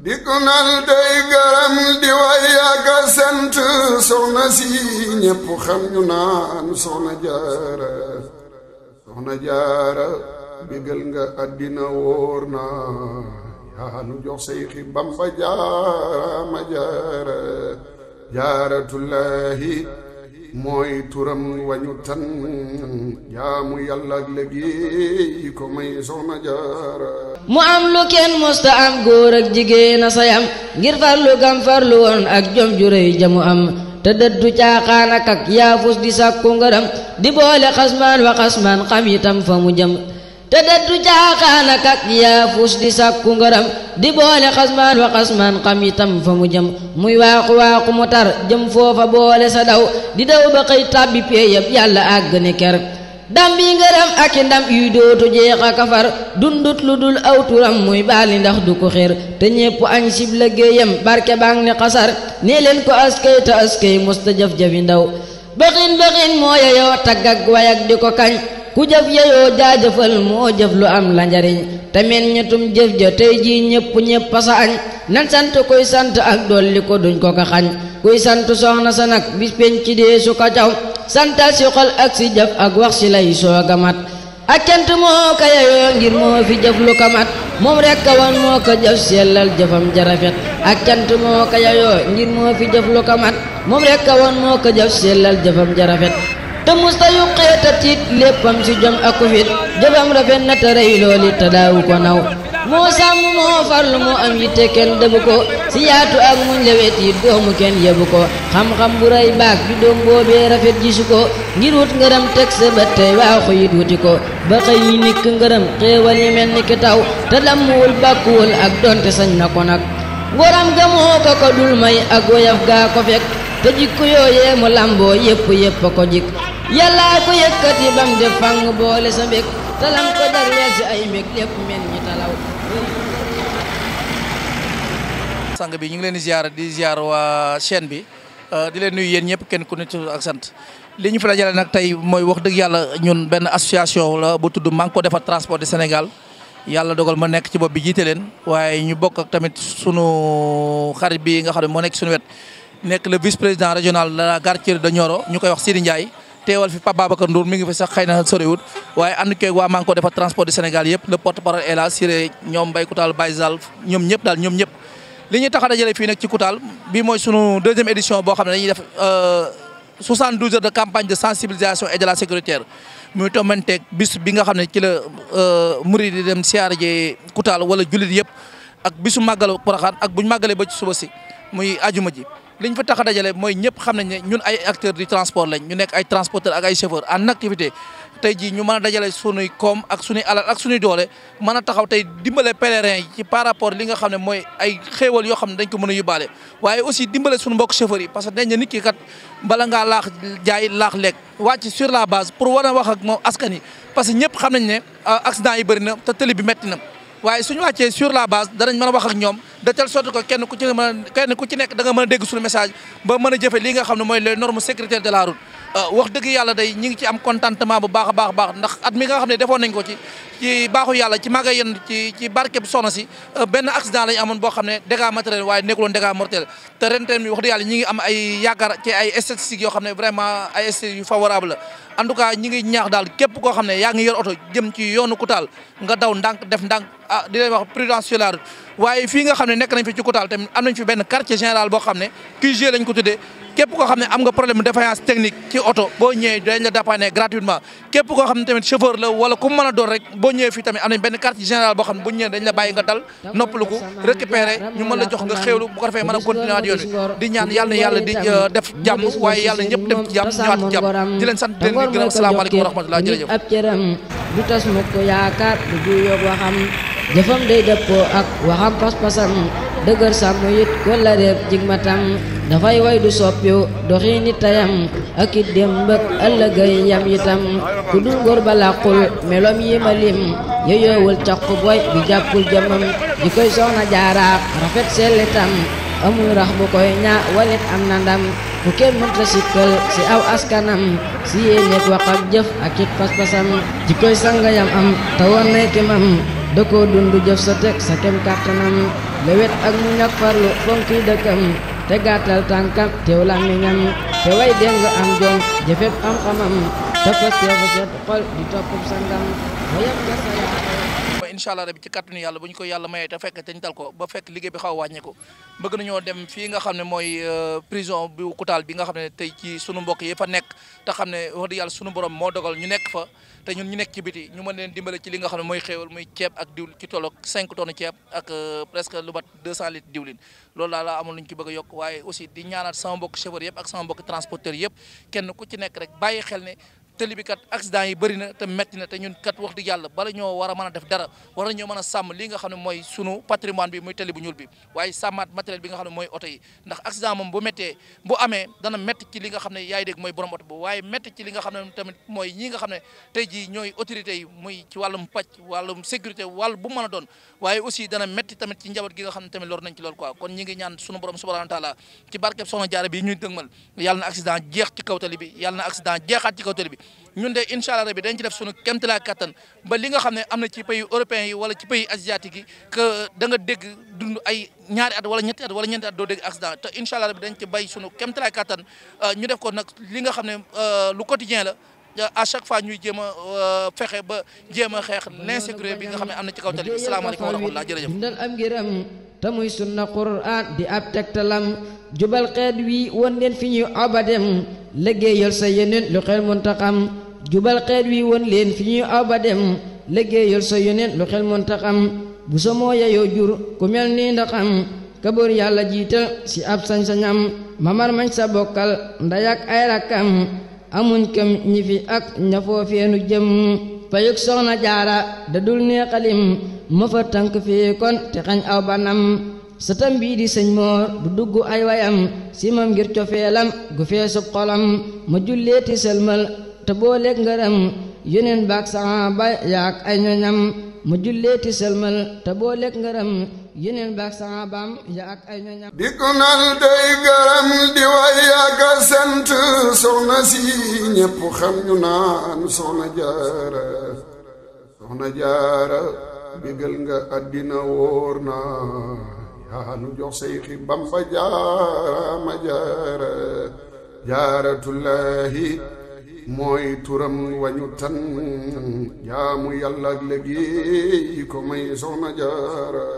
di gunal day garam di way ak sant si ñépp xam ñu naan soxna jaara soxna jaara bégal nga àddina wóor na yaa nu jox say xi bamba jaara ma jaara jaaratullahi mooy turam wañu tan mu am lu kenn mosta am góor ak jigéen a say am ngir farlu gam farlu woon ak jom ju ja jamu am te dëddu caaxaan ak ak yaafus di sàkku ngërëm di boole xasmaan wa xasmaan xam itam fa mu jëm te daddu caaxaanak ak yaafus di sàkku ngërëm di boole xasmaan wa xasmaan xam itam fa mu jëm muy waaxu waaxu mu tar jëm foofa boole sa daw di daw ba xëy tàbbi péeyab yàlla àgg ne ker dàmb yi ngërëm ak i ndam yuy dootu jeex a kafar dundut lu dul aw turam muy baali ndax du ko xér te ñépp añ sib liggéeyam barke baa ngi ne xasar nee leen ko askay te askay musta jëf-jëfi ndaw bëxin bëxin mooya yow tagg ak way ak di ko kañ ku jëf yeyoo jaajëfal moo jëf lu am la njariñ te meññatum jëf ja tey jii ñépp ñépp sa añ nan sant kuy sant ak dolli ko duñ ko ko xañ kuy sant soxna sa nag bis penc dee su ko caw santal si xol ak si jëf ak wax si lay sooga mat ak cant moo ko yeyoo ngir moo fi jëf lu ko mat moom rekk wan moo ko jëf sellal jëfam jarafet ak cant moo ko yeyoo ngir moo fi jëf lu ko mat moom rekk wan moo ko jëf sellal jëfam jarafet te musta yuqee ta tiit léppam si jom ak fit jëfam rafet na te rëy looli te daawu ko naw moo sàmm moo farlu moo am yitte kenn dëbu ko si yaatu ak muñ lewet yi kenn yebu ko xam-xam bu rëy baag bi doom boobee rafet gisu ko ngir wut ngërëm teg sa bët tey waaxu yit wuti ko ba xëy yi nikk ngërëm xéewal yi mel ni ki taw te dammuwul bàkkuwul ak donte sañ na ko nag ngoram ga moo ko dul may ak woyaf gaa ko fekk te jikko yooyee mu lamboo yépp yépp ko jik yàllaa ko yëkkati bam def fang boole sa mbég talam ko jagleel si ay mbég lépp mel ñi talaw sang bi ñu ngi leen di ziar di ziar waa bi euh, di leen nuyu yéen ñëpp kenn ku ne ak sant li ñu fi dajale nag tey mooy wax dëgg yàlla ñun benn association la bu tudd maa ngi ko defar transport du Sénégal yàlla dogal ma nekk ci bopp bi jiite leen waaye ñu bokk ak tamit sunu xarit bi nga xam ne moo nekk suñu wet nekk le vice président régional de la Garture de Nioro ñu koy wax Sidi Ndiaye teewal fi Pape Babacar Ndour mi ngi fi sax xëy na soriwul waaye ànd keeg waa maa ngi ko defar transport du Sénégal yëpp le porte parole est là Siré ñoom Mbaye Koutal Baye Zal ñoom ñëpp daal ñoom ñëpp. li ñu tax a dajale fii nag ci Koutal bi mooy sunu deuxième édition boo xam ne dañuy def 72 euh, heures de campagne de sensibilisation et de la sécuritaire muy tombanteeg bis bi nga xam ne ci la euh, murid di dem siyaare ji Koutal wala jullit yëpp ak bisu màggal Porokhane ak buñ màggalee ba ci suba si muy ajuma ji. liñ fa tax a dajale mooy ñëpp xam nañ ne ñun ay acteurs du transport lañ ñu nekk ay transporteurs ak ay chauffeurs en activité tey jii ñu mën dajale sunuy koom ak sunuy alal ak sunuy doole mën a taxaw tey dimbale pèlerins yi ci par rapport li nga xam ne mooy ay xéewal yoo xam ne dañ ko mën a yóbbaale waaye aussi dimbale suñu mbokk chauffeurs yi parce que dañ ne nit ki kat bala ngaa laax jaay laax lekk wàcc sur la base pour war a wax ak moo askan yi parce que ñëpp xam nañ ne ah, accident yi bëri na te tëli bi metti na waaye suñu wàccee sur la base danañ mën a wax ak ñoom de telle sorte kenn ku ci mën a nekk da nga mën a dégg suñu message ba mën a jëfe li nga xam ne mooy les normes sécuritaires de la route euh, wax dëgg yàlla day ñi ngi ci am contentement bu baax a baax baax ndax at mi nga xam ne defoon nañ ko ci ci baaxu yàlla ci maga yenn ci ci barkeb soxna si euh, benn accident lañ amoon boo xam ne dégâts matériels waaye nekkuloon dégâts mortels te ren ren wax dëgg yàlla ñi ngi am ay yaakaar ci xam ne vraiment ay statistiques yu favorable en tout cas ñi ngi ñaax daal képp koo xam ne yaa ngi yor oto jëm ci yoonu Koutal nga daw ndànk def ndànk ah di leen wax prudence sur la route waaye fii nga xam ne nekk nañ fi ci Koutal tamit am nañ fi benn quartier général boo xam ne QG lañ ko tuddee képp koo xam ne am nga problème défaillance technique ci oto boo ñëwee dañ la dépanner gratuitement képp koo xam ne tamit chauffeur la wala ku mën a doon rek boo ñëwee fii tamit am nañ benn quartier général boo xam ne bu ñëwee dañ la bàyyi nga dal noppaluku récupérer ñu mën la jox nga xéewlu bu ko defee mën a continuer waat yoon bi di ñaan yàlla yàlla di euh, jëfam day dëppoo ak waxam pas-pasam dëgër sàmm it kollareeb jigmatam dafay way du soppiw doxiini tayam ak it démb ak ëllëgay yam itam ku dul góor ba làqul melom yi ma lim yeyowul caqu boy bi jàppul jëmam ji koy soxna jaaraak rafet sellitam amul rax bu koy ñaa walit am na ndam bu kenn mënta sikkal si aw askanam si yéeneek wax ak jëf ak it pas-pasam ji koy sanga yam am te woon nay da koo dund jëf sa teg sa kem kàttanam lewet ak mu ñàkk farlu fonki dëkkam te gàttal tànkam teew làmmiñam te way deng am jom jëfeb am xamam te fas teefu xol di toppub sangam wayam ka sa incha allah rabbi ci kàttanu yàlla bu ñu ko yàlla mayee te fekk te ñu dal ba fekk liggéey bi xaw a wàññeeku bëgg nañoo dem fii nga xam ne mooy euh, prison bu Koutal bi nga xam ne tey sunu mbokk yi fa nekk te xam ne wax dëgg yàlla sunu borom moo dogal ñu nekk fa te ñun ñu nekk ci biti ñu mën leen dimbale ci li nga xam ne mooy xéewal muy ceeb ak diwlin ci tolloog 5 tonnes ceeb ak euh, presque lu mat 200 litres diwlin loolu daal laa amoon lu ci bëgg yokk waaye tëli bi kat accident yi bëri na te métti na te ñun kat wax dëgg yàlla bala ñoo war a mën def dara war nañoo mën a sàmm li nga xam ne mooy sunu patrimoine bi muy tëli bu ñuul bi waaye sàmmaat matériel bi nga xam ne mooy oto yi ndax accident moom bu amee dana métti ci li nga xam ne yaay dégg mooy borom oto bi waaye métti ci li nga xam ne tamit mooy ñi nga xam ne tey jii ñooy autorités yi muy ci wàllum pàcc wàllum sécurité wàll bu mën a doon waaye aussi dana métti tamit ci njaboot gi nga xam ne tamit lor nañ ci loolu quoi kon ñi ngi ñaan bi ñuy dëgmal yàlla na accident jeex ci kaw tëli bi yàlla na accident jeexaat ci kaw tëli bi ñun de incha allah rabi dañ ci def suñu kéemtalaay kattan ba li nga xam ne am na ci pays européens yi wala ci pays asiatiques yi que da nga dégg dund ay ñaari at wala ñetti at wala ñeenti at doo dégg accident te incha allah rabi dañ ci bay suñu kéemtalaay kattan euh, ñu def ko nag li nga xam ne euh, lu quotidien la. à chaque fois ñuy jéem a euh, fexe ba a xeex l'insécurité bi nga xam ne am na ci kaw tali bi salaamaaleykum wa rahmatulah jërëjëf dan ngiram te muy sunna quraan di ab tegtalam jubal xeet wi won leen fi ñuy obadem liggéeyal sa yeneen lu xel muntaxam jubal xeet wi won leen fi ñuy obadem liggéeyal sa yeneen lu xel muntaxam bu sa moo yayoo jur ku mel nii ndaxam kabóor yàlla jiital si ab sañ mamar mañ sa bokkal ndayak ay rakkam amuñ kam ñi ak ña foofeenu jëm payug soxna jaara da dul nee xalim ma tànk fii kon te xañ aw banam sa tam di sëñ moor du dugg ay wayam simam ngir cofeelam gu feesub xolam ma julleeti sëlmal te booleeg ngërëm yóneen baak saxaaba yaak ay ñoñam ma julleeti sëlmal te booleeg ngërëm yeneen baak saxaabaam ya ak ay ñoñam di ku day garam di way ak a sant soxna si ñépp xam ñu naan soxna jaara soxna jaara bégal nga àddina wóor na yaa nu jox seyxi bamba jaarama jaara jaaratullaahi mooy turam wañu tan jaamu yàlla ak léegi ko may soxna jaara